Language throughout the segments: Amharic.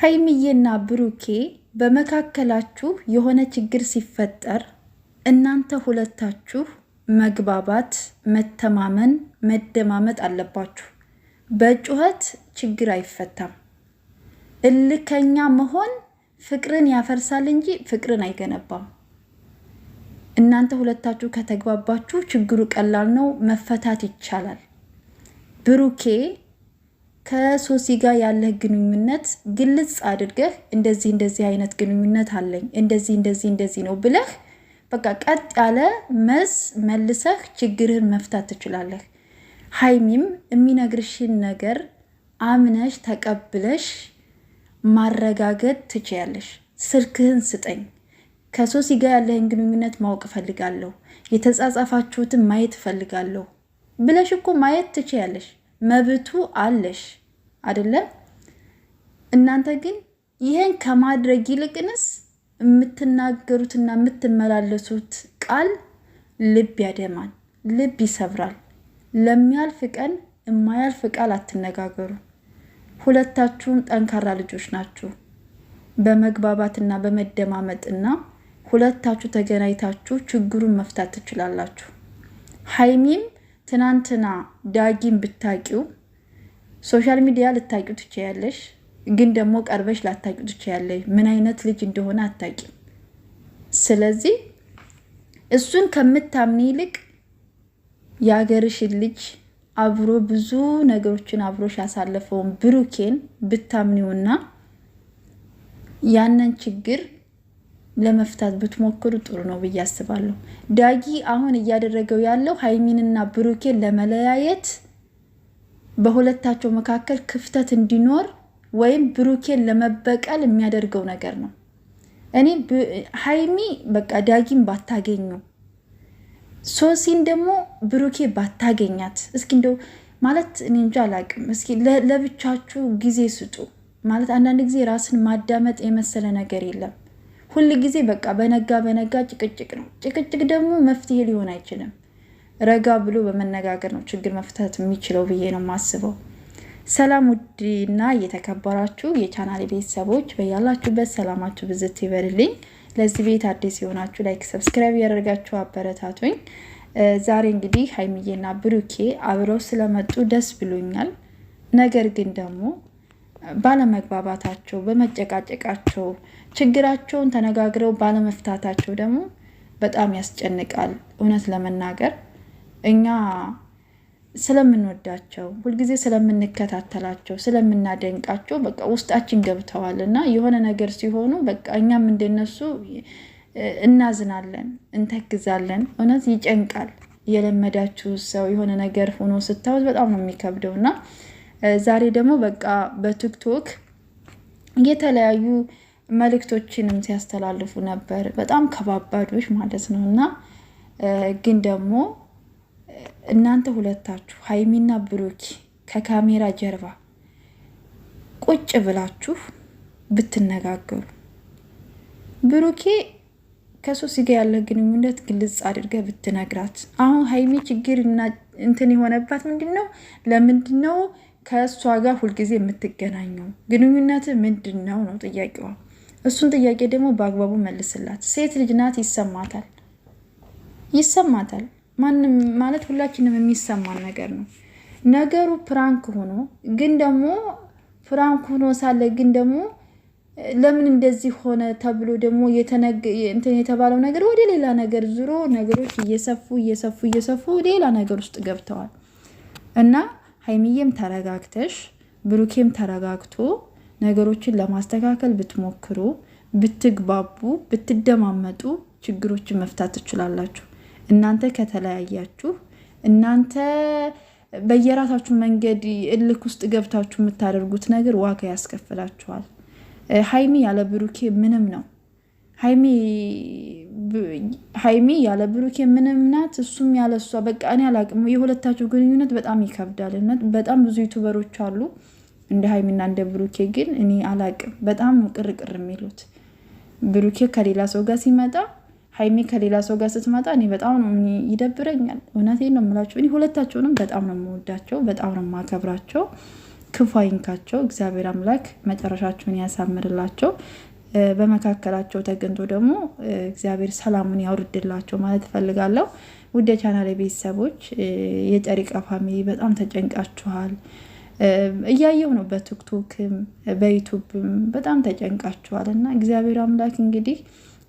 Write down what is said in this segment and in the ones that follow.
ሀይሚዬና ብሩኬ በመካከላችሁ የሆነ ችግር ሲፈጠር እናንተ ሁለታችሁ መግባባት፣ መተማመን፣ መደማመጥ አለባችሁ። በጩኸት ችግር አይፈታም። እልከኛ መሆን ፍቅርን ያፈርሳል እንጂ ፍቅርን አይገነባም። እናንተ ሁለታችሁ ከተግባባችሁ ችግሩ ቀላል ነው፣ መፈታት ይቻላል። ብሩኬ ከሶሲ ጋር ያለህ ግንኙነት ግልጽ አድርገህ እንደዚህ እንደዚህ አይነት ግንኙነት አለኝ እንደዚህ እንደዚህ እንደዚህ ነው ብለህ በቃ ቀጥ ያለ መስ መልሰህ ችግርህን መፍታት ትችላለህ። ሀይሚም የሚነግርሽን ነገር አምነሽ ተቀብለሽ ማረጋገጥ ትችያለሽ። ስልክህን ስጠኝ፣ ከሶሲ ጋር ያለህን ግንኙነት ማወቅ እፈልጋለሁ፣ የተጻጻፋችሁትን ማየት እፈልጋለሁ ብለሽ እኮ ማየት ትችያለሽ። መብቱ አለሽ አደለ? እናንተ ግን ይህን ከማድረግ ይልቅንስ የምትናገሩትና የምትመላለሱት ቃል ልብ ያደማል፣ ልብ ይሰብራል። ለሚያልፍ ቀን የማያልፍ ቃል አትነጋገሩ። ሁለታችሁም ጠንካራ ልጆች ናችሁ። በመግባባትና በመደማመጥና ሁለታችሁ ተገናኝታችሁ ችግሩን መፍታት ትችላላችሁ። ሀይሚም ትናንትና ዳጊን ብታቂው ሶሻል ሚዲያ ልታቂ ትችያለሽ፣ ግን ደግሞ ቀርበሽ ላታቂ ትችያለሽ። ምን አይነት ልጅ እንደሆነ አታቂም። ስለዚህ እሱን ከምታምኒ ይልቅ የሀገርሽን ልጅ አብሮ ብዙ ነገሮችን አብሮሽ ያሳለፈውን ብሩኬን ብታምኒውና ያንን ችግር ለመፍታት ብትሞክሩ ጥሩ ነው ብዬ አስባለሁ። ዳጊ አሁን እያደረገው ያለው ሀይሚንና ብሩኬን ለመለያየት በሁለታቸው መካከል ክፍተት እንዲኖር ወይም ብሩኬን ለመበቀል የሚያደርገው ነገር ነው። እኔ ሀይሚ በቃ ዳጊን ባታገኙ፣ ሶሲን ደግሞ ብሩኬ ባታገኛት፣ እስኪ እንደው ማለት እኔ እንጃ አላቅም። እስኪ ለብቻችሁ ጊዜ ስጡ ማለት አንዳንድ ጊዜ ራስን ማዳመጥ የመሰለ ነገር የለም። ሁል ጊዜ በቃ በነጋ በነጋ ጭቅጭቅ ነው። ጭቅጭቅ ደግሞ መፍትሄ ሊሆን አይችልም። ረጋ ብሎ በመነጋገር ነው ችግር መፍታት የሚችለው ብዬ ነው የማስበው። ሰላም ውድና እየተከበራችሁ የቻናል ቤተሰቦች በያላችሁበት ሰላማችሁ ብዝት ይበርልኝ ለዚህ ቤት አዲስ የሆናችሁ ላይክ፣ ሰብስክራይብ ያደርጋችሁ አበረታቱኝ። ዛሬ እንግዲህ ሀይሚዬና ብሩኬ አብረው ስለመጡ ደስ ብሎኛል። ነገር ግን ደግሞ ባለመግባባታቸው፣ በመጨቃጨቃቸው፣ ችግራቸውን ተነጋግረው ባለመፍታታቸው ደግሞ በጣም ያስጨንቃል። እውነት ለመናገር እኛ ስለምንወዳቸው ሁልጊዜ ስለምንከታተላቸው ስለምናደንቃቸው በቃ ውስጣችን ገብተዋል እና የሆነ ነገር ሲሆኑ በቃ እኛም እንደነሱ እናዝናለን፣ እንተክዛለን። እውነት ይጨንቃል። የለመዳችሁ ሰው የሆነ ነገር ሆኖ ስታዩት በጣም ነው የሚከብደው እና ዛሬ ደግሞ በቃ በቲክቶክ የተለያዩ መልእክቶችንም ሲያስተላልፉ ነበር። በጣም ከባባዶች ማለት ነው። እና ግን ደግሞ እናንተ ሁለታችሁ ሀይሚና ብሩክ ከካሜራ ጀርባ ቁጭ ብላችሁ ብትነጋገሩ ብሩኬ ከሶስት ጋር ያለ ግንኙነት ግልጽ አድርገ ብትነግራት። አሁን ሀይሚ ችግር እንትን የሆነባት ምንድን ነው? ለምንድን ነው ከእሷ ጋር ሁልጊዜ የምትገናኘው ግንኙነት ምንድን ነው ነው ጥያቄዋ። እሱን ጥያቄ ደግሞ በአግባቡ መልስላት። ሴት ልጅ ናት፣ ይሰማታል ይሰማታል። ማንም ማለት ሁላችንም የሚሰማን ነገር ነው። ነገሩ ፕራንክ ሆኖ ግን ደግሞ ፕራንክ ሆኖ ሳለ ግን ደግሞ ለምን እንደዚህ ሆነ ተብሎ ደግሞ እንትን የተባለው ነገር ወደ ሌላ ነገር ዙሮ ነገሮች እየሰፉ እየሰፉ እየሰፉ ሌላ ነገር ውስጥ ገብተዋል እና ሀይሚዬም ተረጋግተሽ ብሩኬም ተረጋግቶ ነገሮችን ለማስተካከል ብትሞክሩ፣ ብትግባቡ፣ ብትደማመጡ ችግሮችን መፍታት ትችላላችሁ። እናንተ ከተለያያችሁ እናንተ በየራሳችሁ መንገድ እልክ ውስጥ ገብታችሁ የምታደርጉት ነገር ዋጋ ያስከፍላችኋል። ሀይሚ ያለ ብሩኬ ምንም ነው። ሀይሚ ሀይሚ ያለ ብሩኬ ምንም ናት፣ እሱም ያለ እሷ በቃ እኔ አላቅም። የሁለታቸው ግንኙነት በጣም ይከብዳል። በጣም ብዙ ዩቱበሮች አሉ እንደ ሀይሚና እንደ ብሩኬ ግን እኔ አላቅም። በጣም ነው ቅርቅር የሚሉት። ብሩኬ ከሌላ ሰው ጋር ሲመጣ ሀይሚ ከሌላ ሰው ጋር ስትመጣ እኔ በጣም ነው ይደብረኛል። እውነቴን ነው የምላቸው። እኔ ሁለታቸውንም በጣም ነው የምወዳቸው፣ በጣም ነው የማከብራቸው። ክፉ አይንካቸው። እግዚአብሔር አምላክ መጨረሻቸውን ያሳምርላቸው። በመካከላቸው ተገንቶ ደግሞ እግዚአብሔር ሰላሙን ያውርድላቸው ማለት እፈልጋለሁ። ውድ የቻናል ቤተሰቦች የጨሪቃ ፋሚሊ በጣም ተጨንቃችኋል። እያየው ነው በቲክቶክም በዩቱብም በጣም ተጨንቃችኋል እና እግዚአብሔር አምላክ እንግዲህ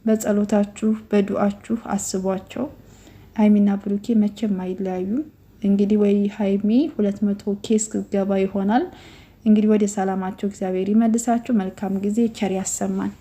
በጸሎታችሁ በዱአችሁ አስቧቸው። ሀይሚና ብሩኬ መቼም አይለያዩም። እንግዲህ ወይ ሀይሚ ሁለት መቶ ኬስ ገባ ይሆናል እንግዲህ ወደ ሰላማችሁ እግዚአብሔር ይመልሳችሁ። መልካም ጊዜ ቸር ያሰማን።